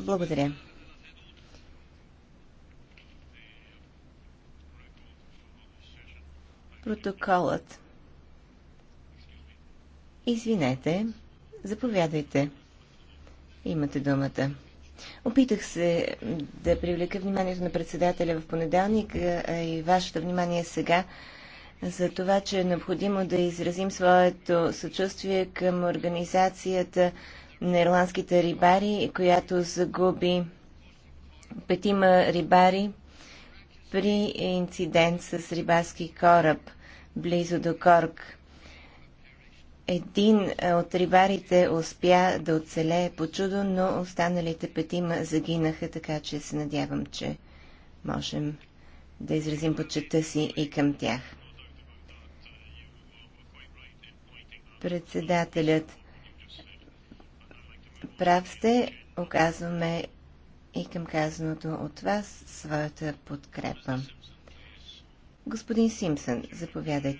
Благодаря. Протоколът. Извинете, заповядайте. Имате думата. Опитах се да привлека вниманието на председателя в понеделник и вашето внимание сега за това, че е необходимо да изразим своето съчувствие към организацията на ирландските рибари, която загуби петима рибари при инцидент с рибарски кораб близо до Корк. Един е, от рибарите успя да оцелее по чудо, но останалите петима загинаха, така че се надявам, че можем да изразим почета си и към тях. Председателят прав сте, оказваме и към казаното от вас своята подкрепа. Господин Симпсън, заповядайте.